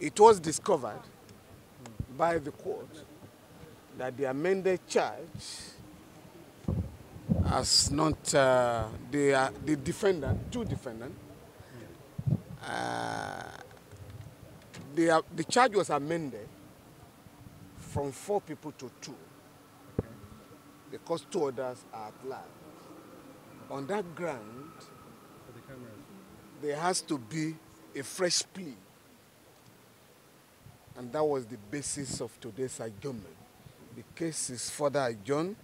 It was discovered by the court that the amended charge as not uh, the, uh, the defendant, two defendants, uh, the, the charge was amended from four people to two because two others are at large. On that ground, the there has to be a fresh plea. And that was the basis of today's adjournment. The case is further adjourned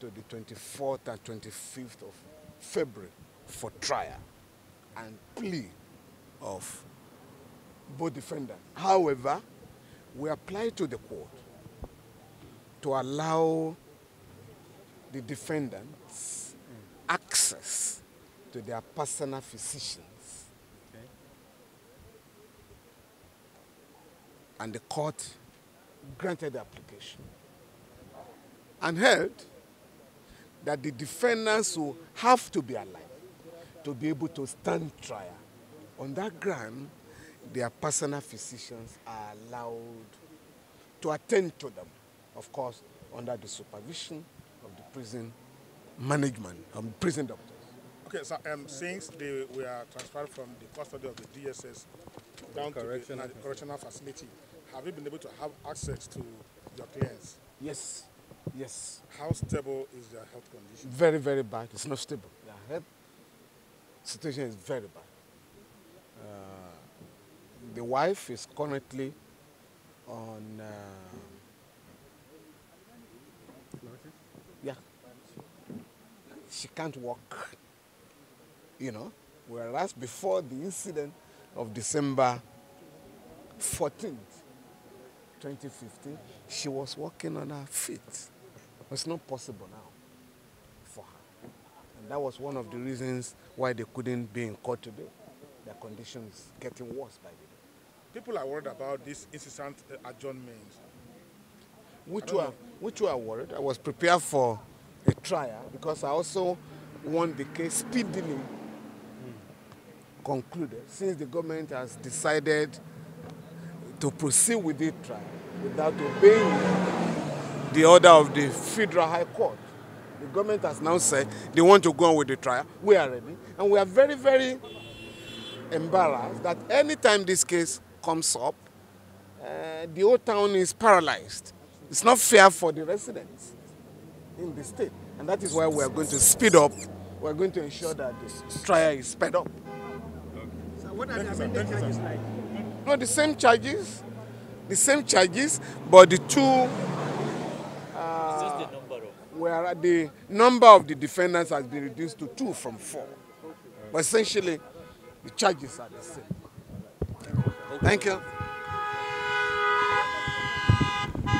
to the 24th and 25th of February for trial and plea of both defendants. However, we apply to the court to allow the defendants access to their personal physicians okay. and the court granted the application and held that the defendants will have to be alive to be able to stand trial. On that ground, their personal physicians are allowed to attend to them, of course, under the supervision of the prison management. I'm prison doctors. Okay, so um, since they were transferred from the custody of the DSS down the correctional to the, correctional facility, have you been able to have access to your clients? Yes, yes. How stable is their health condition? Very, very bad. It's not stable. Their health situation is very bad. Uh, the wife is currently on. Uh, yeah, she can't walk. You know, whereas before the incident of December 14th, 2015, she was walking on her feet. It's not possible now for her. And that was one of the reasons why they couldn't be in court today. Their conditions getting worse by the day. People are worried about this incessant adjournment. Which were, which were worried. I was prepared for trial because I also want the case speedily concluded since the government has decided to proceed with the trial without obeying the order of the Federal High Court. The government has now said they want to go on with the trial. We are ready. And we are very, very embarrassed that anytime this case comes up, uh, the old town is paralyzed. It's not fair for the residents in the state. And that is why we are going to speed up. We are going to ensure that the trial is sped up. Okay. So what are the amended charges like? No, the same charges, the same charges, but the two uh, the number of? where the number of the defendants has been reduced to two from four. Okay. But essentially, the charges are the same. Thank you.